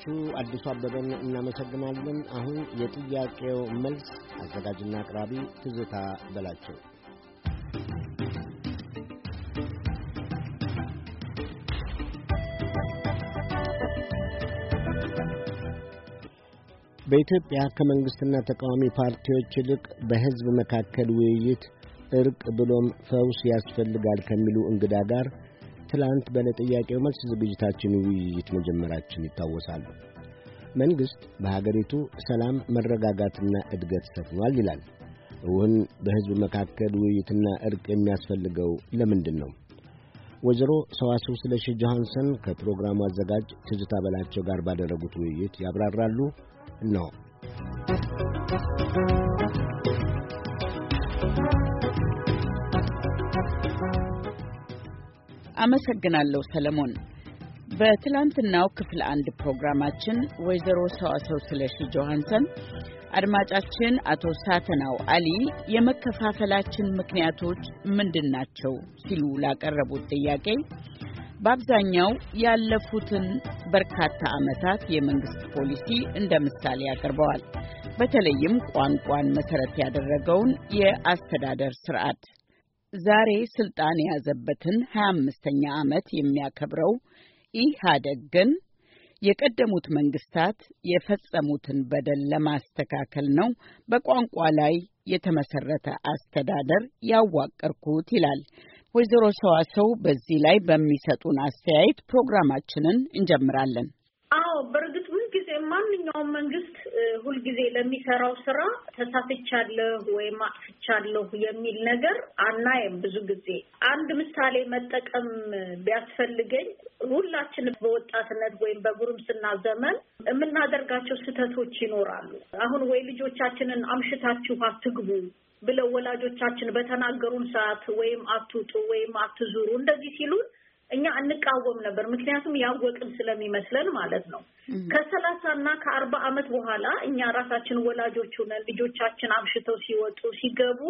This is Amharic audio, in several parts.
ተወያዮቹ አዲሱ አበበን እናመሰግናለን። አሁን የጥያቄው መልስ አዘጋጅና አቅራቢ ትዝታ በላቸው። በኢትዮጵያ ከመንግሥትና ተቃዋሚ ፓርቲዎች ይልቅ በሕዝብ መካከል ውይይት፣ እርቅ ብሎም ፈውስ ያስፈልጋል ከሚሉ እንግዳ ጋር ትላንት በለጥያቄው መልስ ዝግጅታችን ውይይት መጀመራችን ይታወሳሉ። መንግሥት በሀገሪቱ ሰላም መረጋጋትና እድገት ሰፍኗል ይላል። እውን በሕዝብ መካከል ውይይትና እርቅ የሚያስፈልገው ለምንድን ነው? ወይዘሮ ሰዋስው ስለሺ ጆሐንሰን ከፕሮግራሙ አዘጋጅ ትዝታ በላቸው ጋር ባደረጉት ውይይት ያብራራሉ። ነው አመሰግናለሁ ሰለሞን። በትላንትናው ክፍል አንድ ፕሮግራማችን ወይዘሮ ሰዋሰው ስለሺ ጆሃንሰን አድማጫችን አቶ ሳተናው አሊ የመከፋፈላችን ምክንያቶች ምንድን ናቸው ሲሉ ላቀረቡት ጥያቄ በአብዛኛው ያለፉትን በርካታ ዓመታት የመንግስት ፖሊሲ እንደ ምሳሌ አቅርበዋል። በተለይም ቋንቋን መሰረት ያደረገውን የአስተዳደር ስርዓት ዛሬ ስልጣን የያዘበትን 25ኛ ዓመት የሚያከብረው ኢህአደግ ግን የቀደሙት መንግስታት የፈጸሙትን በደል ለማስተካከል ነው በቋንቋ ላይ የተመሰረተ አስተዳደር ያዋቀርኩት ይላል። ወይዘሮ ሰዋሰው በዚህ ላይ በሚሰጡን አስተያየት ፕሮግራማችንን እንጀምራለን። ማንኛውም መንግስት ሁልጊዜ ለሚሰራው ስራ ተሳትቻለሁ ወይም አጥፍቻለሁ የሚል ነገር አናየም። ብዙ ጊዜ አንድ ምሳሌ መጠቀም ቢያስፈልገኝ ሁላችን በወጣትነት ወይም በጉርምስና ዘመን የምናደርጋቸው ስህተቶች ይኖራሉ። አሁን ወይ ልጆቻችንን አምሽታችሁ አትግቡ ብለው ወላጆቻችን በተናገሩን ሰዓት ወይም አትውጡ ወይም አትዙሩ እንደዚህ ሲሉን እኛ እንቃወም ነበር። ምክንያቱም ያወቅን ስለሚመስለን ማለት ነው። ከሰላሳ እና ከአርባ ዓመት በኋላ እኛ ራሳችን ወላጆች ሆነን ልጆቻችን አምሽተው ሲወጡ ሲገቡ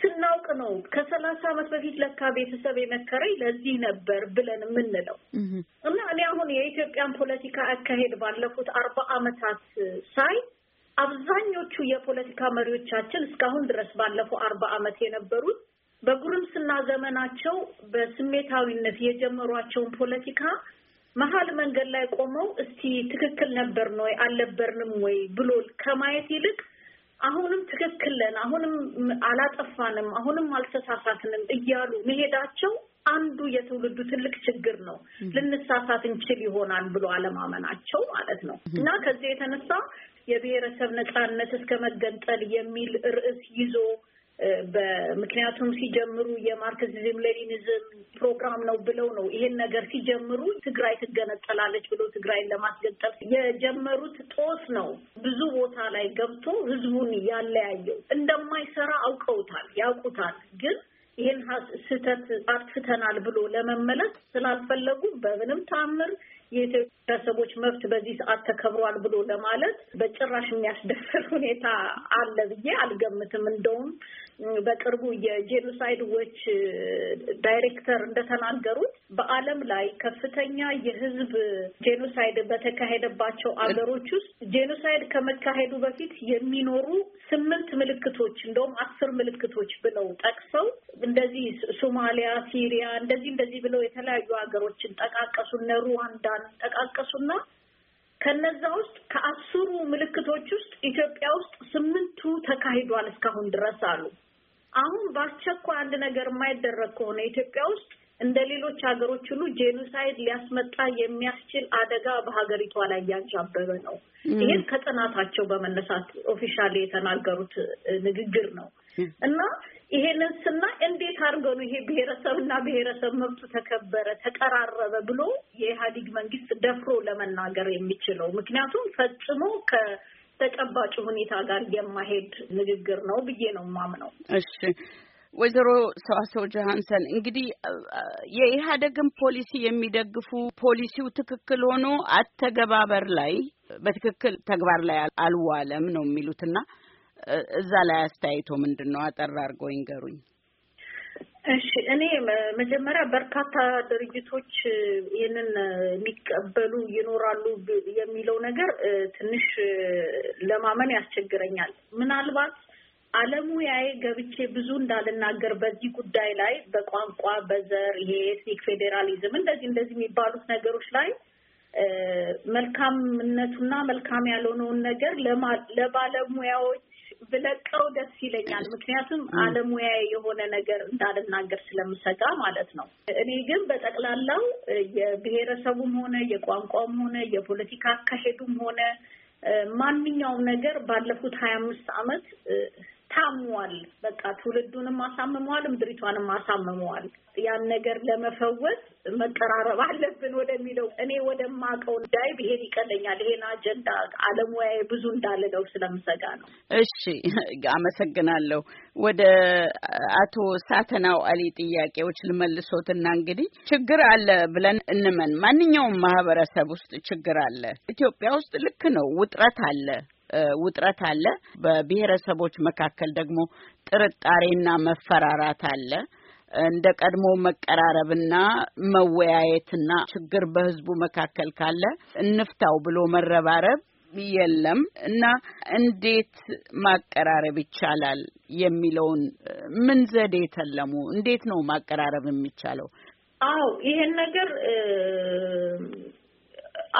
ስናውቅ ነው ከሰላሳ ዓመት በፊት ለካ ቤተሰብ የመከረኝ ለዚህ ነበር ብለን የምንለው እና እኔ አሁን የኢትዮጵያን ፖለቲካ አካሄድ ባለፉት አርባ ዓመታት ሳይ አብዛኞቹ የፖለቲካ መሪዎቻችን እስካሁን ድረስ ባለፈው አርባ ዓመት የነበሩት በጉርምስና ዘመናቸው በስሜታዊነት የጀመሯቸውን ፖለቲካ መሀል መንገድ ላይ ቆመው እስቲ ትክክል ነበርን ወይ አልነበርንም ወይ ብሎ ከማየት ይልቅ አሁንም ትክክል ነን፣ አሁንም አላጠፋንም፣ አሁንም አልተሳሳትንም እያሉ መሄዳቸው አንዱ የትውልዱ ትልቅ ችግር ነው። ልንሳሳት እንችል ይሆናል ብሎ አለማመናቸው ማለት ነው እና ከዚህ የተነሳ የብሔረሰብ ነጻነት እስከ መገንጠል የሚል ርዕስ ይዞ በምክንያቱም ሲጀምሩ የማርክሲዝም ሌኒኒዝም ፕሮግራም ነው ብለው ነው ይሄን ነገር ሲጀምሩ ትግራይ ትገነጠላለች ብሎ ትግራይን ለማስገጠል የጀመሩት ጦስ ነው። ብዙ ቦታ ላይ ገብቶ ህዝቡን ያለያየው እንደማይሰራ አውቀውታል፣ ያውቁታል ግን ይህን ስህተት አጥፍተናል ብሎ ለመመለስ ስላልፈለጉ በምንም ታምር የኢትዮጵያ ሰዎች መብት በዚህ ሰዓት ተከብሯል ብሎ ለማለት በጭራሽ የሚያስደፍር ሁኔታ አለ ብዬ አልገምትም። እንደውም በቅርቡ የጄኖሳይድ ዎች ዳይሬክተር እንደተናገሩት በዓለም ላይ ከፍተኛ የሕዝብ ጄኖሳይድ በተካሄደባቸው አገሮች ውስጥ ጄኖሳይድ ከመካሄዱ በፊት የሚኖሩ ስምንት ምልክቶች እንደውም አስር ምልክቶች ብለው ጠቅሰው እንደዚህ ሶማሊያ፣ ሲሪያ እንደዚህ እንደዚህ ብለው የተለያዩ ሀገሮችን ጠቃቀሱ እነ ሩዋንዳ ጠቃቀሱና ከነዛ ውስጥ ከአስሩ ምልክቶች ውስጥ ኢትዮጵያ ውስጥ ስምንቱ ተካሂዷል እስካሁን ድረስ አሉ። አሁን በአስቸኳይ አንድ ነገር የማይደረግ ከሆነ ኢትዮጵያ ውስጥ እንደ ሌሎች ሀገሮች ሁሉ ጄኖሳይድ ሊያስመጣ የሚያስችል አደጋ በሀገሪቷ ላይ እያንዣበበ ነው። ይህን ከጥናታቸው በመነሳት ኦፊሻል የተናገሩት ንግግር ነው እና ይሄንን ስና እንዴት አድርገው ነው ይሄ ብሔረሰብና ብሔረሰብ መብቱ ተከበረ ተቀራረበ ብሎ የኢህአዴግ መንግስት ደፍሮ ለመናገር የሚችለው? ምክንያቱም ፈጽሞ ተጨባጭ ሁኔታ ጋር የማሄድ ንግግር ነው ብዬ ነው የማምነው። እሺ ወይዘሮ ሰዋሰው ጆሀንሰን እንግዲህ የኢህአደግን ፖሊሲ የሚደግፉ ፖሊሲው ትክክል ሆኖ አተገባበር ላይ በትክክል ተግባር ላይ አልዋለም ነው የሚሉትና እዛ ላይ አስተያየቶ ምንድን ነው? አጠር አድርገው ይንገሩኝ። እሺ እኔ መጀመሪያ በርካታ ድርጅቶች ይህንን የሚቀበሉ ይኖራሉ የሚለው ነገር ትንሽ ለማመን ያስቸግረኛል። ምናልባት አለሙያዬ ገብቼ ብዙ እንዳልናገር በዚህ ጉዳይ ላይ በቋንቋ፣ በዘር፣ የኤትኒክ ፌዴራሊዝም እንደዚህ እንደዚህ የሚባሉት ነገሮች ላይ መልካምነቱና መልካም ያልሆነውን ነገር ለባለሙያዎች ብለቀው ደስ ይለኛል። ምክንያቱም አለሙያዬ የሆነ ነገር እንዳልናገር ስለምሰጋ ማለት ነው። እኔ ግን በጠቅላላው የብሔረሰቡም ሆነ የቋንቋውም ሆነ የፖለቲካ አካሄዱም ሆነ ማንኛውም ነገር ባለፉት ሀያ አምስት ዓመት ታሟል። በቃ ትውልዱንም አሳምመዋል፣ ምድሪቷንም አሳምመዋል። ያን ነገር ለመፈወስ መቀራረብ አለብን ወደሚለው እኔ ወደማውቀው እንዳይ ብሄድ ይቀለኛል። ይሄን አጀንዳ አለሙያዬ ብዙ እንዳልለው ስለምሰጋ ነው። እሺ፣ አመሰግናለሁ። ወደ አቶ ሳተናው አሊ ጥያቄዎች ልመልሶትና እንግዲህ ችግር አለ ብለን እንመን ማንኛውም ማህበረሰብ ውስጥ ችግር አለ። ኢትዮጵያ ውስጥ ልክ ነው፣ ውጥረት አለ። ውጥረት አለ። በብሔረሰቦች መካከል ደግሞ ጥርጣሬና መፈራራት አለ። እንደ ቀድሞ መቀራረብና መወያየትና ችግር በህዝቡ መካከል ካለ እንፍታው ብሎ መረባረብ የለም እና እንዴት ማቀራረብ ይቻላል የሚለውን ምን ዘዴ ተለሙ? እንዴት ነው ማቀራረብ የሚቻለው? አዎ ይሄን ነገር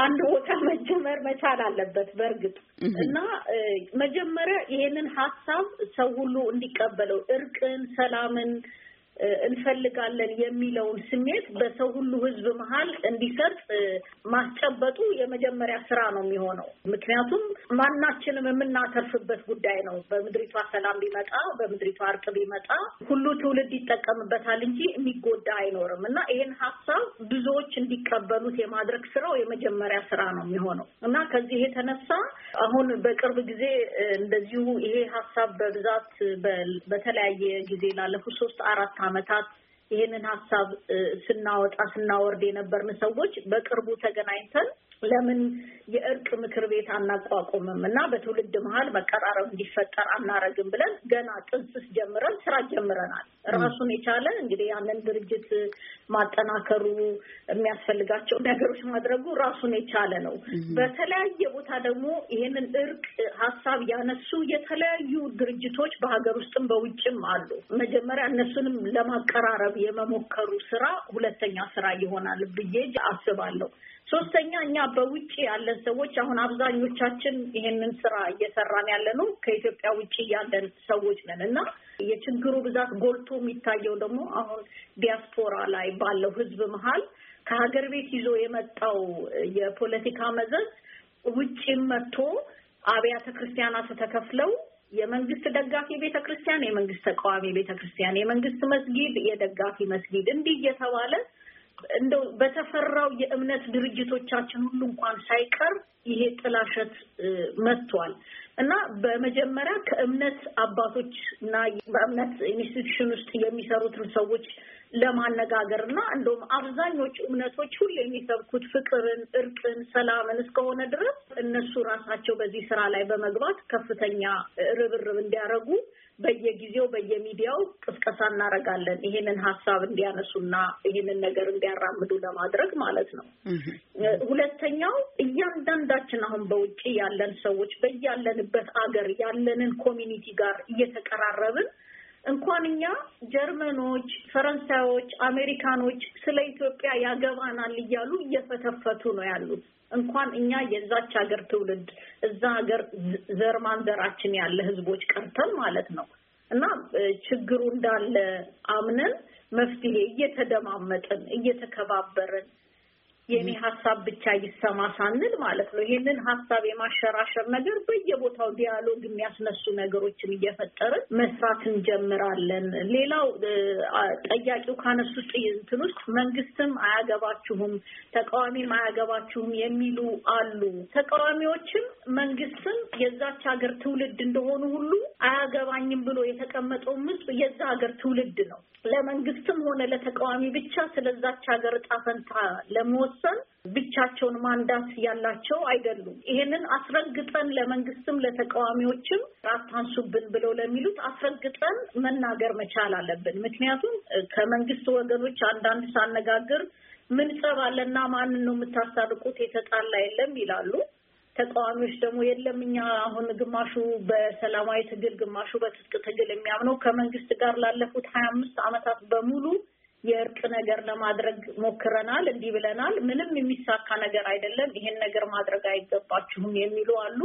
አንድ ቦታ መጀመር መቻል አለበት። በእርግጥ እና መጀመሪያ ይሄንን ሀሳብ ሰው ሁሉ እንዲቀበለው እርቅን፣ ሰላምን እንፈልጋለን የሚለውን ስሜት በሰው ሁሉ ህዝብ መሀል እንዲሰርጥ ማስጨበጡ የመጀመሪያ ስራ ነው የሚሆነው። ምክንያቱም ማናችንም የምናተርፍበት ጉዳይ ነው። በምድሪቷ ሰላም ቢመጣ፣ በምድሪቷ እርቅ ቢመጣ ሁሉ ትውልድ ይጠቀምበታል እንጂ የሚጎዳ አይኖርም እና ይህን ሀሳብ ብዙዎች እንዲቀበሉት የማድረግ ስራው የመጀመሪያ ስራ ነው የሚሆነው እና ከዚህ የተነሳ አሁን በቅርብ ጊዜ እንደዚሁ ይሄ ሀሳብ በብዛት በተለያየ ጊዜ ላለፉት ሶስት አራት ዓመታት ይህንን ሀሳብ ስናወጣ ስናወርድ የነበርን ሰዎች በቅርቡ ተገናኝተን ለምን የእርቅ ምክር ቤት አናቋቁምም እና በትውልድ መሀል መቀራረብ እንዲፈጠር አናረግም ብለን ገና ጥንስስ ጀምረን ስራ ጀምረናል። ራሱን የቻለ እንግዲህ ያንን ድርጅት ማጠናከሩ የሚያስፈልጋቸው ነገሮች ማድረጉ ራሱን የቻለ ነው። በተለያየ ቦታ ደግሞ ይህንን እርቅ ሀሳብ ያነሱ የተለያዩ ድርጅቶች በሀገር ውስጥም በውጭም አሉ። መጀመሪያ እነሱንም ለማቀራረብ የመሞከሩ ስራ ሁለተኛ ስራ ይሆናል ብዬ አስባለሁ። ሶስተኛ እኛ በውጭ ያለን ሰዎች አሁን አብዛኞቻችን ይሄንን ስራ እየሰራን ያለ ነው ከኢትዮጵያ ውጭ ያለን ሰዎች ነን እና የችግሩ ብዛት ጎልቶ የሚታየው ደግሞ አሁን ዲያስፖራ ላይ ባለው ህዝብ መሀል ከሀገር ቤት ይዞ የመጣው የፖለቲካ መዘዝ ውጭም መጥቶ አብያተ ክርስቲያናት ተከፍለው የመንግስት ደጋፊ ቤተ ክርስቲያን፣ የመንግስት ተቃዋሚ ቤተ ክርስቲያን፣ የመንግስት መስጊድ፣ የደጋፊ መስጊድ እንዲህ እየተባለ እንደው በተፈራው የእምነት ድርጅቶቻችን ሁሉ እንኳን ሳይቀር ይሄ ጥላሸት መጥቷል እና በመጀመሪያ ከእምነት አባቶች እና በእምነት ኢንስቲትዩሽን ውስጥ የሚሰሩትን ሰዎች ለማነጋገር እና እንደውም አብዛኞቹ እምነቶች ሁሉ የሚሰብኩት ፍቅርን፣ እርቅን፣ ሰላምን እስከሆነ ድረስ እነሱ ራሳቸው በዚህ ስራ ላይ በመግባት ከፍተኛ ርብርብ እንዲያደርጉ በየጊዜው በየሚዲያው ቅስቀሳ እናደርጋለን። ይሄንን ሀሳብ እንዲያነሱና ይሄንን ነገር እንዲያራምዱ ለማድረግ ማለት ነው። ሁለተኛው እያንዳንዳችን አሁን በውጭ ያለን ሰዎች በያለንበት አገር ያለንን ኮሚኒቲ ጋር እየተቀራረብን እንኳን እኛ ጀርመኖች፣ ፈረንሳዮች፣ አሜሪካኖች ስለ ኢትዮጵያ ያገባናል እያሉ እየፈተፈቱ ነው ያሉት። እንኳን እኛ የዛች ሀገር ትውልድ እዛ ሀገር ዘር ማንዘራችን ያለ ህዝቦች ቀርተን ማለት ነው እና ችግሩ እንዳለ አምነን መፍትሄ እየተደማመጥን እየተከባበርን የኔ ሀሳብ ብቻ ይሰማ ሳንል ማለት ነው። ይህንን ሀሳብ የማሸራሸር ነገር በየቦታው ዲያሎግ የሚያስነሱ ነገሮችን እየፈጠርን መስራት እንጀምራለን። ሌላው ጠያቂው ካነሱ እንትን ውስጥ መንግስትም አያገባችሁም፣ ተቃዋሚም አያገባችሁም የሚሉ አሉ። ተቃዋሚዎችም መንግስትም የዛች ሀገር ትውልድ እንደሆኑ ሁሉ አያገባኝም ብሎ የተቀመጠው ሕዝብ የዛ ሀገር ትውልድ ነው። ለመንግስትም ሆነ ለተቃዋሚ ብቻ ስለዛች ሀገር እጣ ፈንታ ለሞት ለመወሰን ብቻቸውን ማንዳት ያላቸው አይደሉም። ይሄንን አስረግጠን ለመንግስትም ለተቃዋሚዎችም አታንሱብን ብለው ለሚሉት አስረግጠን መናገር መቻል አለብን። ምክንያቱም ከመንግስት ወገኖች አንዳንድ ሳነጋግር ምን ጸብ አለና ማንን ነው የምታስታርቁት? የተጣላ የለም ይላሉ። ተቃዋሚዎች ደግሞ የለም እኛ አሁን ግማሹ በሰላማዊ ትግል ግማሹ በትጥቅ ትግል የሚያምነው ከመንግስት ጋር ላለፉት ሀያ አምስት ዓመታት በሙሉ የእርቅ ነገር ለማድረግ ሞክረናል፣ እንዲህ ብለናል፣ ምንም የሚሳካ ነገር አይደለም፣ ይሄን ነገር ማድረግ አይገባችሁም የሚሉ አሉ።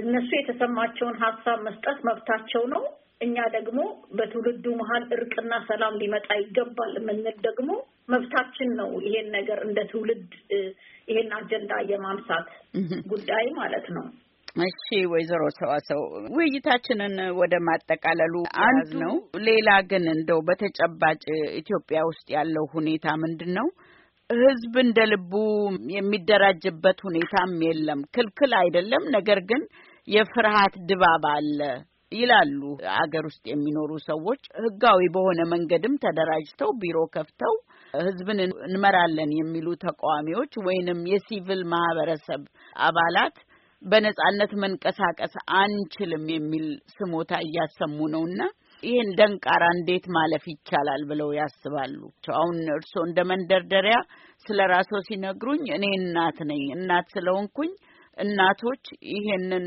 እነሱ የተሰማቸውን ሀሳብ መስጠት መብታቸው ነው። እኛ ደግሞ በትውልዱ መሀል እርቅና ሰላም ሊመጣ ይገባል የምንል ደግሞ መብታችን ነው። ይሄን ነገር እንደ ትውልድ ይሄን አጀንዳ የማንሳት ጉዳይ ማለት ነው። እሺ ወይዘሮ ሰዋሰው ውይይታችንን ወደ ማጠቃለሉ አንዱ ነው። ሌላ ግን እንደው በተጨባጭ ኢትዮጵያ ውስጥ ያለው ሁኔታ ምንድን ነው? ህዝብ እንደ ልቡ የሚደራጅበት ሁኔታም የለም። ክልክል አይደለም፣ ነገር ግን የፍርሃት ድባብ አለ ይላሉ አገር ውስጥ የሚኖሩ ሰዎች። ህጋዊ በሆነ መንገድም ተደራጅተው ቢሮ ከፍተው ህዝብን እንመራለን የሚሉ ተቃዋሚዎች ወይንም የሲቪል ማህበረሰብ አባላት በነጻነት መንቀሳቀስ አንችልም የሚል ስሞታ እያሰሙ ነውና ይህን ደንቃራ እንዴት ማለፍ ይቻላል ብለው ያስባሉ? አሁን እርስዎ እንደ መንደርደሪያ ስለ ራስዎ ሲነግሩኝ እኔ እናት ነኝ። እናት ስለሆንኩኝ እናቶች ይሄንን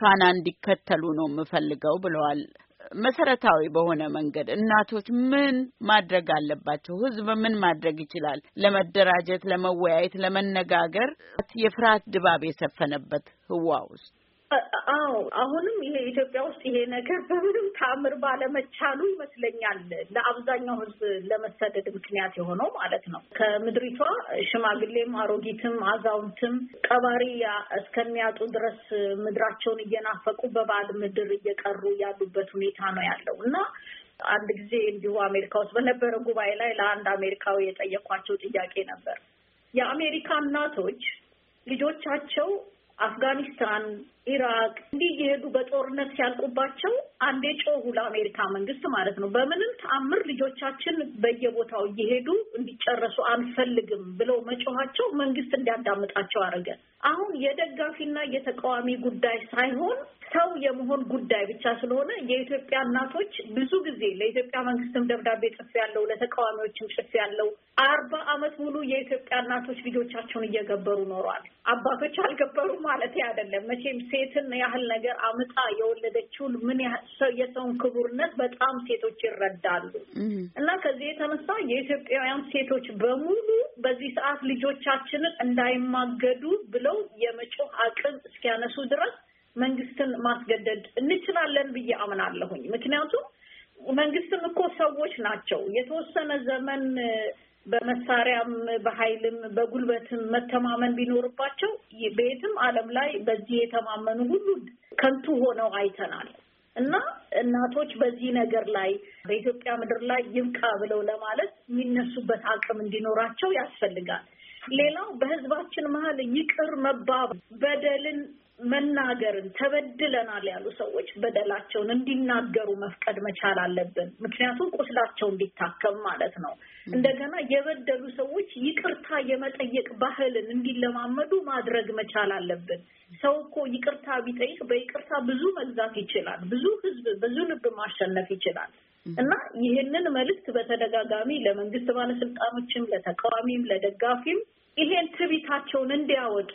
ፋና እንዲከተሉ ነው የምፈልገው ብለዋል። መሰረታዊ በሆነ መንገድ እናቶች ምን ማድረግ አለባቸው? ህዝብ ምን ማድረግ ይችላል? ለመደራጀት፣ ለመወያየት፣ ለመነጋገር የፍርሃት ድባብ የሰፈነበት ህዋ ውስጥ አዎ አሁንም ይሄ ኢትዮጵያ ውስጥ ይሄ ነገር በምንም ተአምር ባለመቻሉ ይመስለኛል ለአብዛኛው ሕዝብ ለመሰደድ ምክንያት የሆነው ማለት ነው። ከምድሪቷ ሽማግሌም፣ አሮጊትም፣ አዛውንትም ቀባሪ እስከሚያጡ ድረስ ምድራቸውን እየናፈቁ በባዕድ ምድር እየቀሩ ያሉበት ሁኔታ ነው ያለው እና አንድ ጊዜ እንዲሁ አሜሪካ ውስጥ በነበረ ጉባኤ ላይ ለአንድ አሜሪካዊ የጠየኳቸው ጥያቄ ነበር የአሜሪካ እናቶች ልጆቻቸው አፍጋኒስታን፣ ኢራቅ እንዲህ እየሄዱ በጦርነት ሲያልቁባቸው አንዴ ጮሁ ለአሜሪካ መንግስት ማለት ነው። በምንም ተአምር ልጆቻችን በየቦታው እየሄዱ እንዲጨረሱ አንፈልግም ብለው መጮኋቸው መንግስት እንዲያዳምጣቸው አደረገ። አሁን የደጋፊና የተቃዋሚ ጉዳይ ሳይሆን ሰው የመሆን ጉዳይ ብቻ ስለሆነ የኢትዮጵያ እናቶች ብዙ ጊዜ ለኢትዮጵያ መንግስትም ደብዳቤ ጽፍ ያለው ለተቃዋሚዎችም ጽፍ ያለው አርባ አመት ሙሉ የኢትዮጵያ እናቶች ልጆቻቸውን እየገበሩ ኖሯል። አባቶች አልገበሩ ማለት አይደለም። መቼም ሴትን ያህል ነገር አምጣ የወለደችውን ምን ያህል የሰውን ክቡርነት በጣም ሴቶች ይረዳሉ እና ከዚህ የተነሳ የኢትዮጵያውያን ሴቶች በሙሉ በዚህ ሰዓት ልጆቻችንን እንዳይማገዱ ብለው የመጮህ አቅም እስኪያነሱ ድረስ መንግስትን ማስገደድ እንችላለን ብዬ አምናለሁኝ። ምክንያቱም መንግስትም እኮ ሰዎች ናቸው። የተወሰነ ዘመን በመሳሪያም በኃይልም በጉልበትም መተማመን ቢኖርባቸው በየትም ዓለም ላይ በዚህ የተማመኑ ሁሉ ከንቱ ሆነው አይተናል። እና እናቶች በዚህ ነገር ላይ በኢትዮጵያ ምድር ላይ ይብቃ ብለው ለማለት የሚነሱበት አቅም እንዲኖራቸው ያስፈልጋል። ሌላው በህዝባችን መሀል ይቅር መባብ በደልን መናገርን ተበድለናል ያሉ ሰዎች በደላቸውን እንዲናገሩ መፍቀድ መቻል አለብን። ምክንያቱም ቁስላቸው እንዲታከም ማለት ነው። እንደገና የበደሉ ሰዎች ይቅርታ የመጠየቅ ባህልን እንዲለማመዱ ማድረግ መቻል አለብን። ሰው እኮ ይቅርታ ቢጠይቅ በይቅርታ ብዙ መግዛት ይችላል። ብዙ ህዝብ ብዙ ልብ ማሸነፍ ይችላል። እና ይህንን መልእክት በተደጋጋሚ ለመንግስት ባለስልጣኖችም፣ ለተቃዋሚም፣ ለደጋፊም ይሄን ትቢታቸውን እንዲያወጡ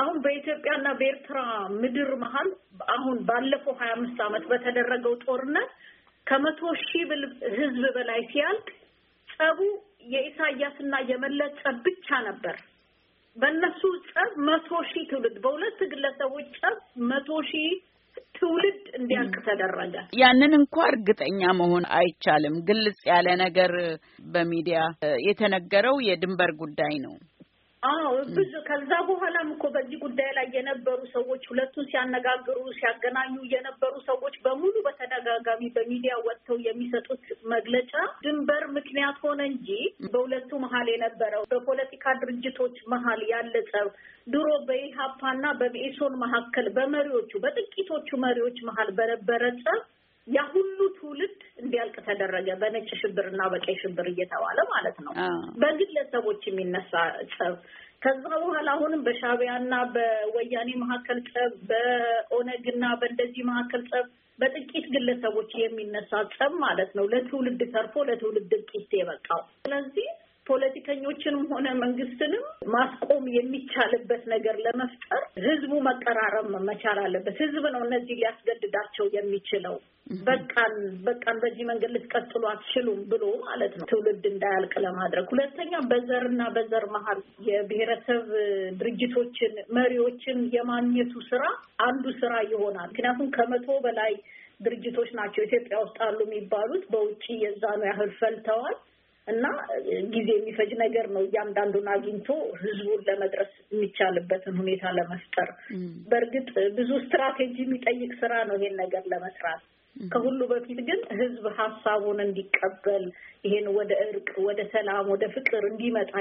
አሁን በኢትዮጵያና በኤርትራ ምድር መሀል አሁን ባለፈው ሀያ አምስት ዓመት በተደረገው ጦርነት ከመቶ ሺህ ህዝብ በላይ ሲያልቅ ጸቡ የኢሳያስና የመለስ ጸብ ብቻ ነበር። በእነሱ ጸብ መቶ ሺህ ትውልድ በሁለት ግለሰቦች ጸብ መቶ ሺህ ትውልድ እንዲያልቅ ተደረገ። ያንን እንኳ እርግጠኛ መሆን አይቻልም። ግልጽ ያለ ነገር በሚዲያ የተነገረው የድንበር ጉዳይ ነው። አዎ ብዙ ከዛ በኋላም እኮ በዚህ ጉዳይ ላይ የነበሩ ሰዎች ሁለቱን ሲያነጋግሩ ሲያገናኙ የነበሩ ሰዎች በሙሉ በተደጋጋሚ በሚዲያ ወጥተው የሚሰጡት መግለጫ ድንበር ምክንያት ሆነ እንጂ በሁለቱ መሀል የነበረው በፖለቲካ ድርጅቶች መሀል ያለ ጸብ ድሮ በኢሀፓና በብኤሶን መካከል በመሪዎቹ በጥቂቶቹ መሪዎች መሀል በነበረ ጸብ ያ ሁሉ ትውልድ እንዲያልቅ ተደረገ። በነጭ ሽብር እና በቀይ ሽብር እየተባለ ማለት ነው። በግለሰቦች የሚነሳ ጸብ ከዛ በኋላ አሁንም በሻቢያና በወያኔ መካከል ጸብ፣ በኦነግና በእንደዚህ መካከል ጸብ፣ በጥቂት ግለሰቦች የሚነሳ ጸብ ማለት ነው። ለትውልድ ተርፎ ለትውልድ እልቂት የበቃው ስለዚህ ፖለቲከኞችንም ሆነ መንግስትንም ማስቆም የሚቻልበት ነገር ለመፍጠር ህዝቡ መቀራረብ መቻል አለበት። ህዝብ ነው እነዚህ ሊያስገድዳቸው የሚችለው። በቃን በቃን በዚህ መንገድ ልትቀጥሉ አትችሉም ብሎ ማለት ነው ትውልድ እንዳያልቅ ለማድረግ። ሁለተኛ በዘርና በዘር መሀል የብሔረሰብ ድርጅቶችን መሪዎችን የማግኘቱ ስራ አንዱ ስራ ይሆናል። ምክንያቱም ከመቶ በላይ ድርጅቶች ናቸው ኢትዮጵያ ውስጥ አሉ የሚባሉት። በውጭ የዛኑ ያህል ፈልተዋል። እና ጊዜ የሚፈጅ ነገር ነው። እያንዳንዱን አግኝቶ ህዝቡን ለመድረስ የሚቻልበትን ሁኔታ ለመፍጠር በእርግጥ ብዙ ስትራቴጂ የሚጠይቅ ስራ ነው ይሄን ነገር ለመስራት። ከሁሉ በፊት ግን ህዝብ ሀሳቡን እንዲቀበል ይሄን ወደ እርቅ፣ ወደ ሰላም፣ ወደ ፍቅር እንዲመጣ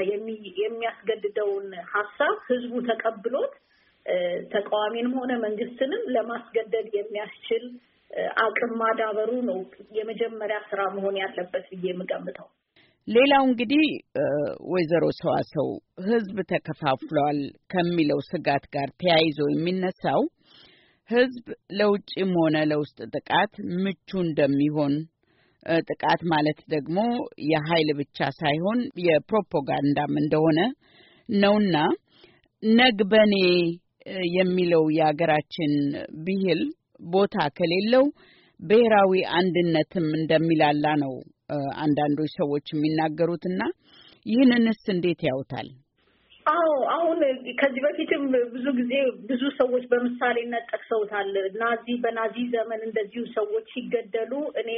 የሚያስገድደውን ሀሳብ ህዝቡ ተቀብሎት ተቃዋሚንም ሆነ መንግስትንም ለማስገደድ የሚያስችል አቅም ማዳበሩ ነው የመጀመሪያ ስራ መሆን ያለበት ብዬ የምገምተው። ሌላው እንግዲህ ወይዘሮ ሰዋሰው ህዝብ ተከፋፍሏል ከሚለው ስጋት ጋር ተያይዞ የሚነሳው ህዝብ ለውጭም ሆነ ለውስጥ ጥቃት ምቹ እንደሚሆን ጥቃት ማለት ደግሞ የኃይል ብቻ ሳይሆን የፕሮፓጋንዳም እንደሆነ ነውና ነግበኔ የሚለው የሀገራችን ብሂል ቦታ ከሌለው ብሔራዊ አንድነትም እንደሚላላ ነው አንዳንዶች ሰዎች የሚናገሩትና ይህንንስ እንዴት ያውታል? አዎ አሁን ከዚህ በፊትም ብዙ ጊዜ ብዙ ሰዎች በምሳሌነት ጠቅሰውታል። ናዚ በናዚ ዘመን እንደዚሁ ሰዎች ሲገደሉ እኔ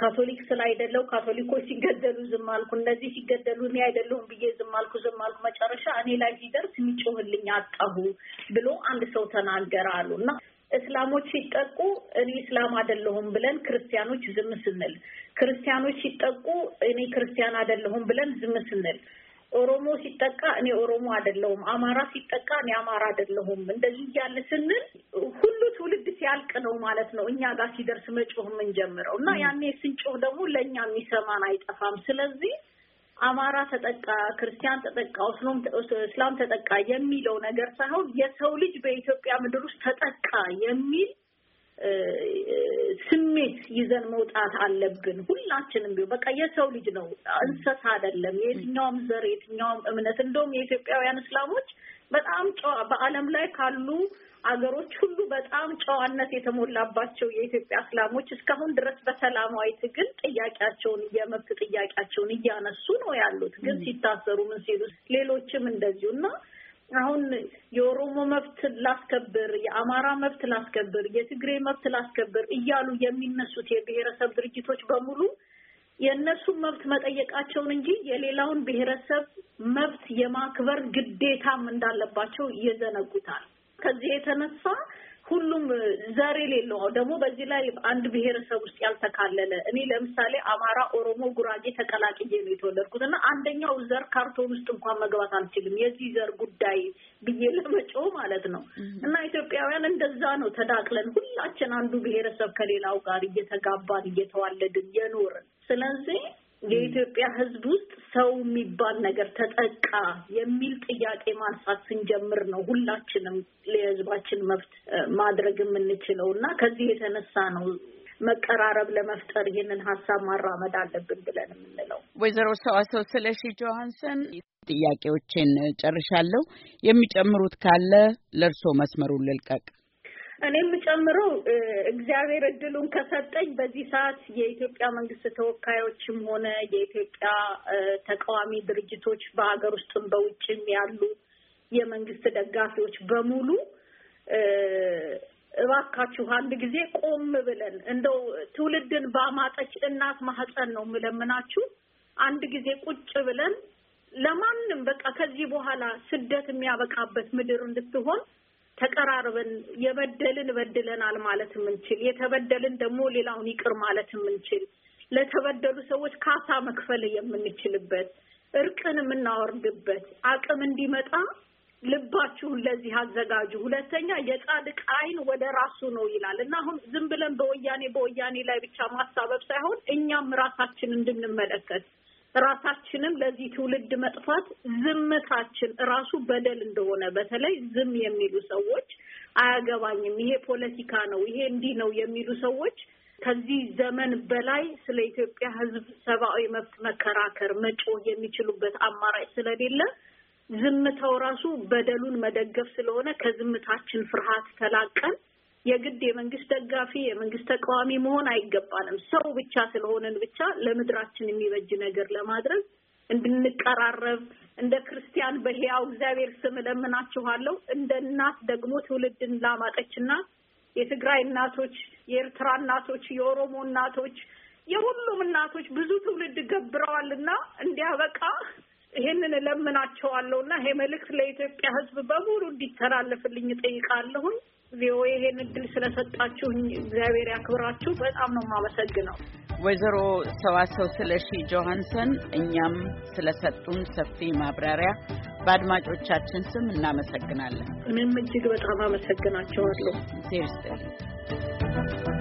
ካቶሊክ ስላይደለው ካቶሊኮች ሲገደሉ ዝም አልኩ፣ እነዚህ ሲገደሉ እኔ አይደለሁም ብዬ ዝም አልኩ ዝም አልኩ፣ መጨረሻ እኔ ላይ ሲደርስ የሚጮህልኝ አጣሁ ብሎ አንድ ሰው ተናገረ አሉ እና እስላሞች ሲጠቁ እኔ እስላም አይደለሁም ብለን ክርስቲያኖች ዝም ስንል፣ ክርስቲያኖች ሲጠቁ እኔ ክርስቲያን አይደለሁም ብለን ዝም ስንል፣ ኦሮሞ ሲጠቃ እኔ ኦሮሞ አይደለሁም፣ አማራ ሲጠቃ እኔ አማራ አይደለሁም፣ እንደዚህ እያለ ስንል ሁሉ ትውልድ ሲያልቅ ነው ማለት ነው እኛ ጋር ሲደርስ መጮህ የምንጀምረው እና ያኔ ስንጮህ ደግሞ ለእኛ የሚሰማን አይጠፋም። ስለዚህ አማራ ተጠቃ፣ ክርስቲያን ተጠቃ፣ እስላም ተጠቃ የሚለው ነገር ሳይሆን የሰው ልጅ በኢትዮጵያ ምድር ውስጥ ተጠቃ የሚል ስሜት ይዘን መውጣት አለብን። ሁላችንም ቢሆን በቃ የሰው ልጅ ነው፣ እንስሳ አይደለም። የትኛውም ዘር፣ የትኛውም እምነት እንደውም የኢትዮጵያውያን እስላሞች በጣም ጨዋ በዓለም ላይ ካሉ አገሮች ሁሉ በጣም ጨዋነት የተሞላባቸው የኢትዮጵያ እስላሞች እስካሁን ድረስ በሰላማዊ ትግል ጥያቄያቸውን የመብት ጥያቄያቸውን እያነሱ ነው ያሉት። ግን ሲታሰሩ ምን ሲሉ ሌሎችም እንደዚሁ እና አሁን የኦሮሞ መብት ላስከብር፣ የአማራ መብት ላስከብር፣ የትግሬ መብት ላስከብር እያሉ የሚነሱት የብሔረሰብ ድርጅቶች በሙሉ የእነሱን መብት መጠየቃቸውን እንጂ የሌላውን ብሔረሰብ መብት የማክበር ግዴታም እንዳለባቸው ይዘነጉታል። ከዚህ የተነሳ ሁሉም ዘር የሌለው ደግሞ በዚህ ላይ አንድ ብሔረሰብ ውስጥ ያልተካለለ እኔ ለምሳሌ አማራ፣ ኦሮሞ፣ ጉራጌ ተቀላቅዬ ነው የተወለድኩት እና አንደኛው ዘር ካርቶን ውስጥ እንኳን መግባት አልችልም የዚህ ዘር ጉዳይ ብዬ ለመጮህ ማለት ነው እና ኢትዮጵያውያን እንደዛ ነው ተዳቅለን ሁላችን አንዱ ብሔረሰብ ከሌላው ጋር እየተጋባን እየተዋለድን የኖርን ስለዚህ የኢትዮጵያ ሕዝብ ውስጥ ሰው የሚባል ነገር ተጠቃ የሚል ጥያቄ ማንሳት ስንጀምር ነው ሁላችንም ለህዝባችን መብት ማድረግ የምንችለው እና ከዚህ የተነሳ ነው መቀራረብ ለመፍጠር ይህንን ሀሳብ ማራመድ አለብን ብለን የምንለው። ወይዘሮ ሰዋሰው ስለሺ ጆሀንሰን ጥያቄዎችን ጨርሻለሁ። የሚጨምሩት ካለ ለእርሶ መስመሩን ልልቀቅ። እኔ ጨምረው እግዚአብሔር እድሉን ከሰጠኝ በዚህ ሰዓት የኢትዮጵያ መንግስት ተወካዮችም ሆነ የኢትዮጵያ ተቃዋሚ ድርጅቶች በሀገር ውስጥም በውጭም ያሉ የመንግስት ደጋፊዎች በሙሉ እባካችሁ አንድ ጊዜ ቆም ብለን እንደው ትውልድን ባማጠች እናት ማህፀን ነው የምለምናችሁ። አንድ ጊዜ ቁጭ ብለን ለማንም በቃ ከዚህ በኋላ ስደት የሚያበቃበት ምድር እንድትሆን ተቀራርበን የበደልን በድለናል ማለት የምንችል የተበደልን ደግሞ ሌላውን ይቅር ማለት የምንችል ለተበደሉ ሰዎች ካሳ መክፈል የምንችልበት እርቅን የምናወርድበት አቅም እንዲመጣ ልባችሁን ለዚህ አዘጋጁ። ሁለተኛ የጻድቅ ዓይን ወደ ራሱ ነው ይላል እና አሁን ዝም ብለን በወያኔ በወያኔ ላይ ብቻ ማሳበብ ሳይሆን እኛም ራሳችን እንድንመለከት ራሳችንም ለዚህ ትውልድ መጥፋት ዝምታችን ራሱ በደል እንደሆነ በተለይ ዝም የሚሉ ሰዎች አያገባኝም፣ ይሄ ፖለቲካ ነው፣ ይሄ እንዲህ ነው የሚሉ ሰዎች ከዚህ ዘመን በላይ ስለ ኢትዮጵያ ሕዝብ ሰብአዊ መብት መከራከር መጮህ የሚችሉበት አማራጭ ስለሌለ ዝምታው ራሱ በደሉን መደገፍ ስለሆነ ከዝምታችን ፍርሃት ተላቀን የግድ የመንግስት ደጋፊ የመንግስት ተቃዋሚ መሆን አይገባንም። ሰው ብቻ ስለሆነን ብቻ ለምድራችን የሚበጅ ነገር ለማድረግ እንድንቀራረብ እንደ ክርስቲያን በሕያው እግዚአብሔር ስም እለምናችኋለሁ። እንደ እናት ደግሞ ትውልድን ላማጠችና የትግራይ እናቶች፣ የኤርትራ እናቶች፣ የኦሮሞ እናቶች፣ የሁሉም እናቶች ብዙ ትውልድ ገብረዋልና እንዲያበቃ ይሄንን እለምናቸዋለሁና ይሄ መልእክት ለኢትዮጵያ ሕዝብ በሙሉ እንዲተላለፍልኝ እጠይቃለሁኝ። ቪኦኤ ይሄን እድል ስለሰጣችሁ እግዚአብሔር ያክብራችሁ። በጣም ነው የማመሰግነው። ወይዘሮ ሰዋሰው ስለሺ ጆሃንሰን እኛም ስለሰጡን ሰፊ ማብራሪያ በአድማጮቻችን ስም እናመሰግናለን። እኔም እጅግ በጣም አመሰግናቸዋለሁ። ቴርስ